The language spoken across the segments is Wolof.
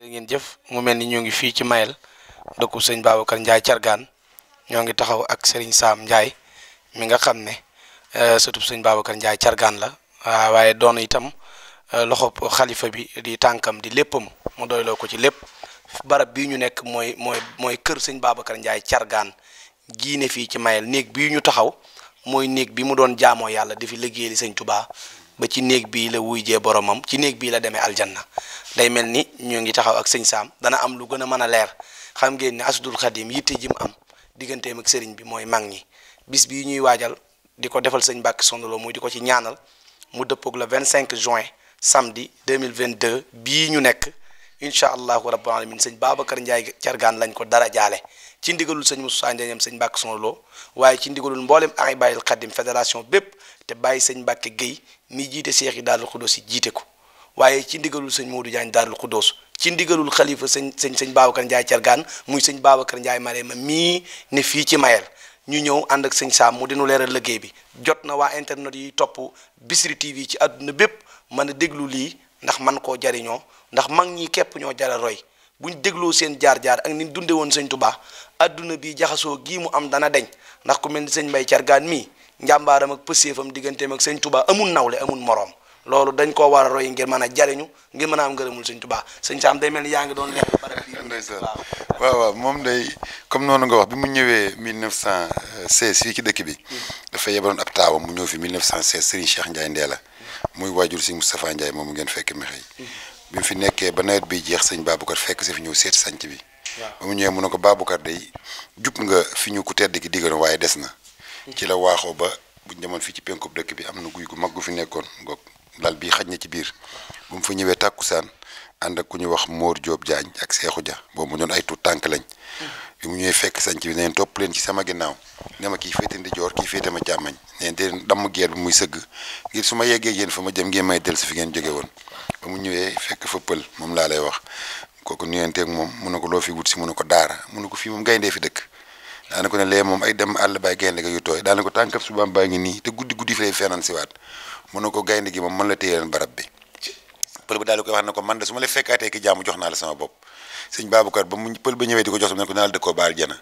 ngeen jëf mu mel ni ñoo ngi fii ci Mayel dëkku sëñ Babacar Ndiaye Cargaan ñoo ngi taxaw ak sëriñ Sam Ndiaye mi nga xam ne euh, sëtub sëñ Babacar Ndiaye Cargaan la waaye doon itam euh, loxo xalifa bi di tànkam di léppam mu doyloo ko ci lépp barab bii ñu nekk mooy mooy kër sëñ Babacar Ndiaye Cargaan gii ne fii ci Mayel néeg bi ñu taxaw mooy néeg bi mu doon jaamoo yàlla di fi liggéeyali sëñ Tubaa ba ci néeg bii la wuy jee boromam ci néeg bii la demee aljana day mel ni ñoo ngi taxaw ak sëñ saam dana am lu gën a mën a leer xam ngeen ni asdul xadim yitte ji mu am digganteem ak sëriñ bi mooy mag ñi bis bii ñuy waajal di ko defal sëñ Mbàkke Soxna Lo muy di ko ci ñaanal mu dëppoog le cinq juin samedi deux bii ñu nekk incha allahu rabbul alamin sëñ Babacar Ndiaye Cargaan lañ ko dara jaale ci ndigalul sëñ Moussa Ndiaye sëñ Mbàkke Soxna Lo waaye ci ndigalul mboolem bàyyi Khadim fédération bépp te bàyyi sañ Mbàkke Guèye mi jiite seex yi Daarul Xuddoos yi jiite ko waaye ci ndigalul sëñ Modou Diagne Daarul Xuddoos ci ndigalul xalifa sëñ sëñ sëñ Babacar Ndiaye Cargaan muy sëñ Babacar Ndiaye Marème mii ne fii ci Mayel ñu ñëw ànd ak sëñ Saam mu dinu leeral liggéey bi jot na waa internet yi topp Bichri TV ci àdduna bépp mën a déglu lii ndax man koo jariñoo ndax mag ñii képp ñoo jara roy buñ dégloo seen jaar-jaar ak ni mu dunde woon sëñ tubaa adduna bi jaxasoo gii mu am dana deñ ndax ku mel ni sëñ mbay cargaan mii njàmbaaram ak pëseefam digganteem ak sëñ tubaa amul nawle amul moroom loolu dañ koo war a roy ngir mën a jariñu ngir mën a am ngërëmul sëñ tubaa sëñ saam day mel ni yaa ngi doon leer waaw waaw moom day comme noonu nga wax bi mu ñëwee 1916 fii ci dëkk bi hmm. dafa yebaloon ab taawam mu ñëw fi 1916 Serigne Cheikh Ndiaye Ndéla muy waajur si Moustapha Ndiaye moomu ngeen fekk mexe bi mu fi nekkee ba nawet bi jeex sëñ Babacar fekk si ñëw seet sanc bi ba mu ñëwee mun ne ko Babacar day jub nga fi ñu ku tedd ki diggoon waaye des na ci la waaxoo ba bu demoon fii ci penkub dëkk bi am na guy gu mag gu fi nekkoon ngook lal bii xaj na ci biir bu mu fa ñëwee saan ànd ak ku ñu wax Mor Diop Diagne ak Seexu Ja boobu mu doon ay tuut tànk lañ bi mu ñëwee fekk sanc bi neen topp leen ci sama ginnaaw ne ma kii féete ndi joor kii féete ma jàmmañ neen di leen damm geer bi muy sëgg ngir su ma yeggee yéen fa ma jëm ngeen may si fi ngeen jóge woon mu ñëwee fekk fa moom laa lay wax kooku nuyenteeg moom mu ne ko loo fi wut si mu ne ko daara mu ne ko fii moom gayndee fi dëkk daana ko ne lee moom ay dem àll baay gaynde ga yu tooy daana ko tànkab baa ngi nii te guddi guddi fi lay fenaan siwaat mu ne moom mën la téye leen barab bi pël ba daal koy wax ne ko man de su ma la fekkaatee ki jaamu jox naa la sama bopp sëñ Babacar ba mu pël ba ñëwee di ko jox ne ko naa la dëkkoo baal jana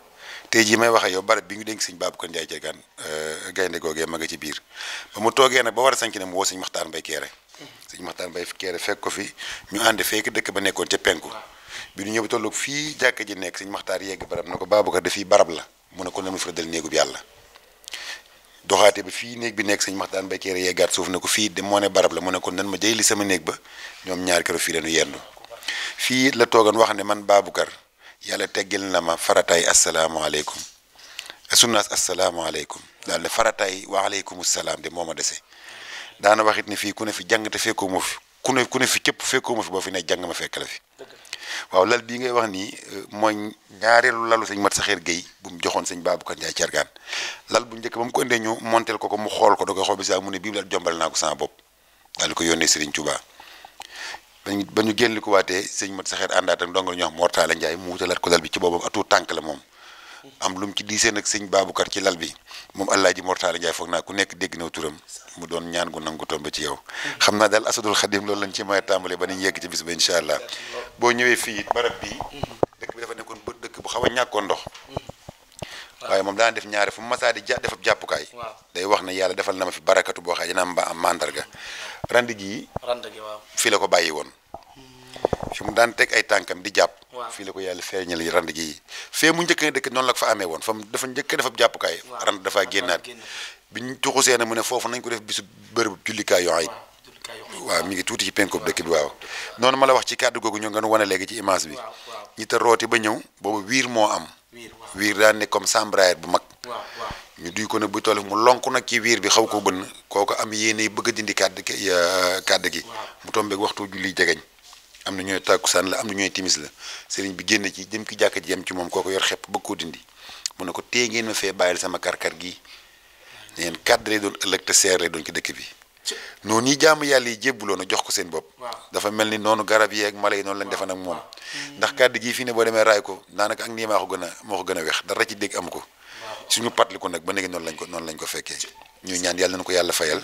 tey jii may waxe yow barab bi ñu dénk sëñ Babacar Ndiaye Diagane euh, gaynde googee ma nga ci biir ba mu toogee nag ba war a sanc ne mu woo sëñ Maxtaar Mbay Keere sëñ Maxtaar Mbay Keere fekk ko fi ñu ànd fekk dëkk ba nekkoon ca penku bi ñu ñëw bi tolloog fii jàkka ji nekk sëñ Maxtaar yegg barab na ko Babacar dafii barab la mu ne ko nanu fërdal néegub yàlla doxaate ba fii néeg bi nekk sëñ Maxtaar Mbay Keere yeggaat suuf ko fii de moo ne barab la mu ne ko nan ma jëy li sama néeg ba ñoom ñaar kero fii lañu yendu fii la toogan wax ne man Baabukar yàlla teggil na ma farataay asalaamaaleykum sunnaas asalaamaaleykum daal ne farataay wa aleykum salaam de moo ma dese daana wax it ne fii ku ne fi jàng te fekkoo fi ku ne ne fi cëpp fekkoo ma fi boo fi ne jàng ma fekk la fi waaw lal bii ngay wax nii euh, mooy ñaareelu lalu sëñ Mat Saxeer Guèye bu mu joxoon sëñ Babacar Ndiaye Thiergane lal bu njëkk moom mu ko indee ñu monteel ko ko mu xool ko da koy bi saa mu ne bii lal jombal naa ko sama bopp daal di ko yónnee Serigne Touba. bañ ba ñu génn li ko waatee sëñ mat saxeet àndaat ndongo ñu wax Mor Talla Ndiaye mu wutalaat ko lal bi ci boobam atu tànk la moom am lu ci diisee nag sëñ Babacar ci lal bi moom Alaaji Mor Talla foog naa ku nekk dégg na turam mu doon ñaan gu nangu tomb ci yow xam naa daal asadul xadim loolu lañ ci may tàmbalee ba nañ yegg ci bis ba incha allah boo ñëwee fii barab bi dëkk bi dafa nekkoon ba dëkk bu xaw a ñàkkoon ndox waaye moom daan def ñaare fu mu masaa di ja def jàppukaay. day wax ne yàlla defal na ma fi barakatu boo xam ne dina am am mandarga. rand gi. rand gi waaw fii la ko bàyyi woon. fi mu daan teg ay tànkam di jàpp. fii la ko yàlla feeñal yi rand gi fee mu njëkk a dëkk noonu la fa amee woon fa mu dafa njëkk dafa jàppukaay. rand dafaa génnaat bi ñu tuxusee na mu ne foofu nañ ko def bisu bërëb jullikaay yoo waaw mi ngi tuuti ci penkob dëkk bi waaw noonu ma la wax ci kàddu googu ñoo nga nu wane léegi ci image bi ñi te rooti ba ñëw boobu wiir moo am wiir daan ne comme chambrayère bu mag ñu duy ko ne bu toll mu lonk nag ci wiir bi xaw ko bënn kooko am yéene bëgg a dindi kàdd ki kàdd gi mu tombeeg waxtu julli jegeñ am na ñooy tàkkusaan la am na ñooy timis la sëriñ bi génn ci jëm ki jàkka ji yem ci moom koo ko yor xepp bëgg ko dindi mu ne ko téye ngeen ma fee bàyyil sama karkar gi neen kàdd lay doon ëllëg te seer lay doon ci dëkk bi noonu ñi jaamu yàlla yi jébbuloo a jox ko seen bopp dafa mel ni noonu garab yi ak mala yi noonu lañ defan ak moom ndax kàddu gii fii ne boo demee raay ko daanaka ak nii maa ko gën a moo ko gën a weex dara ci dégg am ko suñu patli ko nag ba léegi noonu lañ ko noonu lañ ko fekkee ñuy ñaan yàlla nañ ko yàlla fayal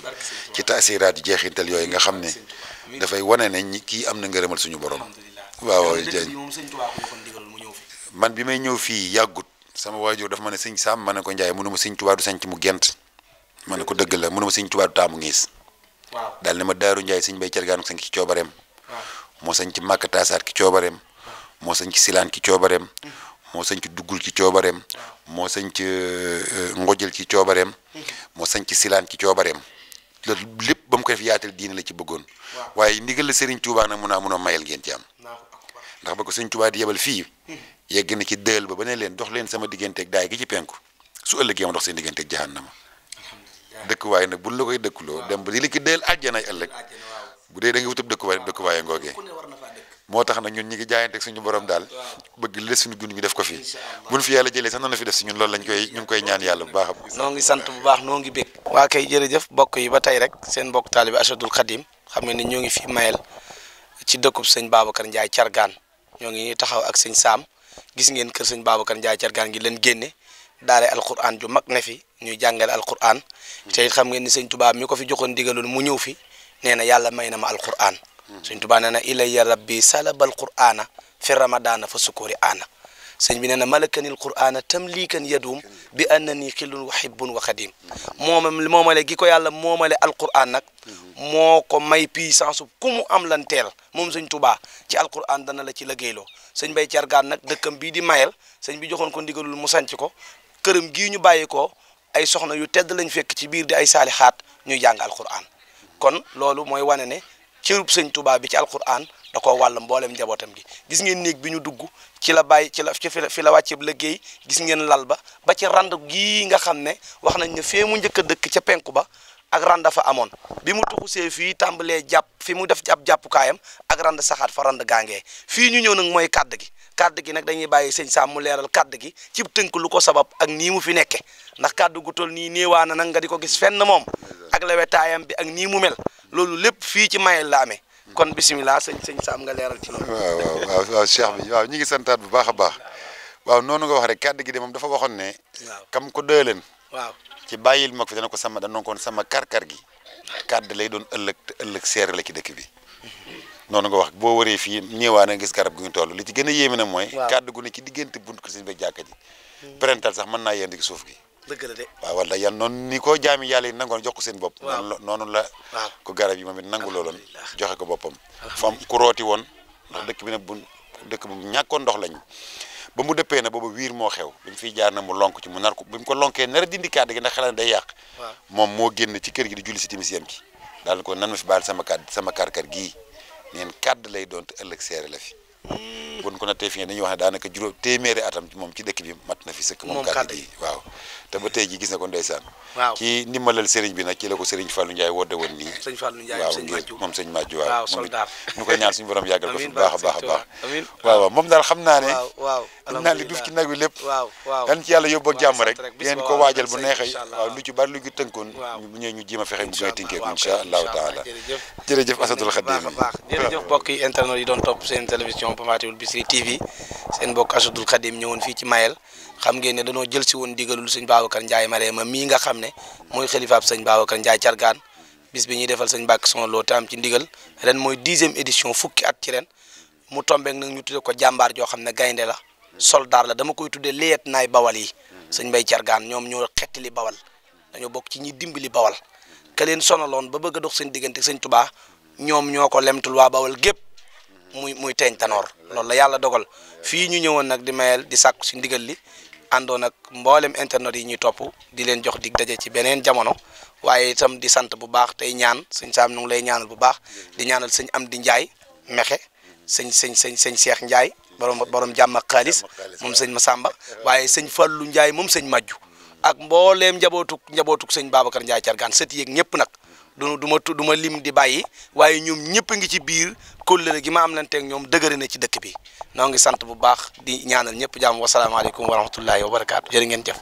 ci taasiraat yi jeexintal yooyu nga xam ne dafay wane ne kii am na ngërëmal suñu borom waaw jëñ man bi may ñëw fii yàggut sama waajur dafa ma ne sëñ Saam ma ne ko Njaay mënu ma sëñ Tuubaa mu gent ma ne ko dëgg la mënu ma sëñ Tuubaa du taamu ngiis waaw daal ne ma Daaru Njaay sëñ Bay Cergaanu sañ ci coobareem moo sañ ci Màkka Taasaar ki coobareem moo sañ ci ki coobareem mm-hmm. moo sañ ci duggul ci coobareem moo sañ ci euh, ngojal ci coobareem mm-hmm. moo sañ ci Silaan ci coobareem loolu lépp ba mu ko def yaatal diine la ci bëggoon waaye ndigal la Serigne Touba nag mun a mun a mayal ngeen ci am ndax ba ko Serigne Touba di fii mm-hmm. yegg na ci dël ba ba ne leen dox leen sama digganteeg daay gi ci penku su ëllëgee ma dox seen digganteeg jahannama dëkkuwaay nag buñ la koy dëkkuloo dem ba li ki deel àjjanay ëllëg bu dee da nga wutub dëkkuwaay dëkkuwaay ngoogee moo tax na ñun ñu ngi jaayanteeg suñu borom daal bëgg li des suñu def ko fii buñ fi yàlla jëlee sax nana fi def si ñun loolu lañ koy ñu koy ñaan yàlla bu baax a noo ngi sant bu baax noo ngi bég waa kay jërëjëf bokk yi ba tey rek seen mbokk taalibi Achadul Khadim xam ne ni ñoo ngi fi mayel ci dëkku sëñ Babacar Ndiaye Cargaan ñoo ngi taxaw ak sëñ Saam gis ngeen kër sëñ Babacar Ndiaye Cargaan leen génne daare alquran ju mag ne fi ñuy jàngale alquran hmm. te it xam ngeen ni sëñ tubaa mi ko fi joxoon digaloon mu ñëw fi nee na yàlla may na ma alquran hmm. sëñ tubaa nee na ilayya rabbi salabal qur'ana fi ramadana fa sukuri ana sëñ bi nee na malakanil qur'ana tamlikan yadum bi annani xillun wa hibbun wa xadim hmm. moomam moomale gi ko yàlla moomale alquran nag moo ko may puissance ku mu am lan teel moom sëñ tubaa ci alquran dana la ci liggéeyloo sëñ bay cargaan nag dëkkam bii di mayel sëñ bi joxoon ko ndigalul mu sanc ko këram gii ñu bàyyi ko ay soxna yu tedd lañ fekk ci biir di ay saalixaat ñuy jàng alquran kon loolu mooy wane ne cërub sëñ tubaab bi ci alquran da koo wàll mboolem njabootam gi gis ngeen néeg bi ñu dugg ci la bàyyi ci la ci fi la wàcceeb liggéey gis ngeen lal ba ba ci rand gii nga xam ne wax nañ ne fee mu njëkk a dëkk ca penk ba ak rand fa amoon bi mu tuxusee fii tàmbalee jàpp fi mu def ab jàppukaayam ak rand saxaat fa rand gaangee fii ñu ñëw nag mooy kàdd gi kàddu gi nag dañuy bàyyi sëñ Sam mu leeral kàddu gi ci tënk lu ko sabab ak nii mu fi nekke ndax kàddu gu toll nii néewaa na nag nga di ko gis fenn moom ak lewetaayam bi ak nii mu mel loolu lépp fii ci Mayel laame kon bisimilah sëñ sëñ Sam nga leeral ci loolu. waaw waaw waaw Cheikh ñu ngi santaat bu baax a baax waaw noonu nga wax rek kàddu gi de moom dafa waxoon ne. kam ko dëëleen. ci bàyyil mag fi dana ko sama dana ko sama karkar gi. kàddu lay doon ëllëg te ëllëg seer la ci dëkk bi. noonu nga wax boo waree fii ñëwaa a gis garab gu ñu toll li ci gën a yéeme na mooy kàddu gu ne ci diggante bunt ko sëñ bi jàkka ji parental sax mën naa yendu ci suuf gi dëgg la de waaw wala noonu ni ko jaami yàlla yi nangoon jox seen bopp noonu la noonu yi moom it nangu looloon joxe ko boppam fam ku rooti woon dëkk bi nag bu dëkk bu ñàkkoon ndox lañ ba mu dëppee na booba wiir moo xew bi mu fiy jaar na mu lonk ci mu nar ko bi mu ko lonkee nar a dindi kàddu gi ndax xelal day yàq moom moo génn ci kër gi di julli si timis yam ci daal ko nan ma fi baal sama kàddu sama karkar gii neen kàdd lay doon te ëllëg seere la fi Mm. buñ ko nattee fi ne dañuy wax ne daanaka juróom téeméeri atam moom ci dëkk bi mat na fi sëkk moom kàddu yi waaw te ba tey ji gis na ko ndeysaan waaw ci ndimbalal nag la ko sëriñ Fallou Ndiaye woote woon nii sëriñ Fallou Ndiaye waaw ngir moom sëñ Madiou waaw a a wi lépp waaw ci yàlla yóbbu ak rek dinañ ko waajal bu neexee waaw lu lu ñu tënkoon bu ñëwee ñu jéem a fexe mu gën a tinkeeku insha allahu taala jërëjëf asadul xadim yi télévision Famatihul Bichri TV seen mbokk Asadul Xadim ñëwoon fii ci Mayel xam ngeen ne dañoo jël si woon digalul sëñ Babacar Ndiaye Marema mii nga xam ne mooy xalifaab sëñ Babacar Ndiaye Cargaan bis bi ñuy defal sëñ baak Soxna Lo te am ci ndigal ren mooy dixième édition fukki at ci ren mu tombeek nag ñu tudde ko jàmbaar joo xam ne gaynde la soldaar la dama koy tuddee liet naay bawal yi sañ Mbay Cargaan ñoom ñoo xettali bawal dañoo bokk ci ñi dimbali bawal ka leen sonaloon ba bëgg dox seen diggante sëñ Tubaa ñoom ñoo ko lemtul bawal gépp muy muy teeñ tanoor loolu la yàlla dogal fii ñu ñëwoon nag di mayel di sàkku si ndigal li àndoon ak mboolem internet yi ñuy topp di leen jox dig daje ci beneen jamono waaye itam di sant bu baax tey ñaan sëñ Saam nu ngi lay ñaanal bu baax di ñaanal sëñ di Njaay mexe sëñ sëñ sëñ sëñ Seex Njaay borom borom jàmm ak xaalis moom sëñ Masamba waaye sëñ Fallu Njaay moom sëñ Majju ak mbooleem njabootuk njabootuk sëñ Babacar Njaay cargaan sët yeeg ñëpp nag du du tu duma ma lim di bàyyi waaye ñoom ñëpp a ngi ci biir kóllëre gi ma am lanteeg ñoom dëgëri na ci dëkk bi noo ngi sant bu baax di ñaanal ñëpp jàmm wasalaamaaleykum wa rahmatullahi wa barakaatu jërë ngeen jëf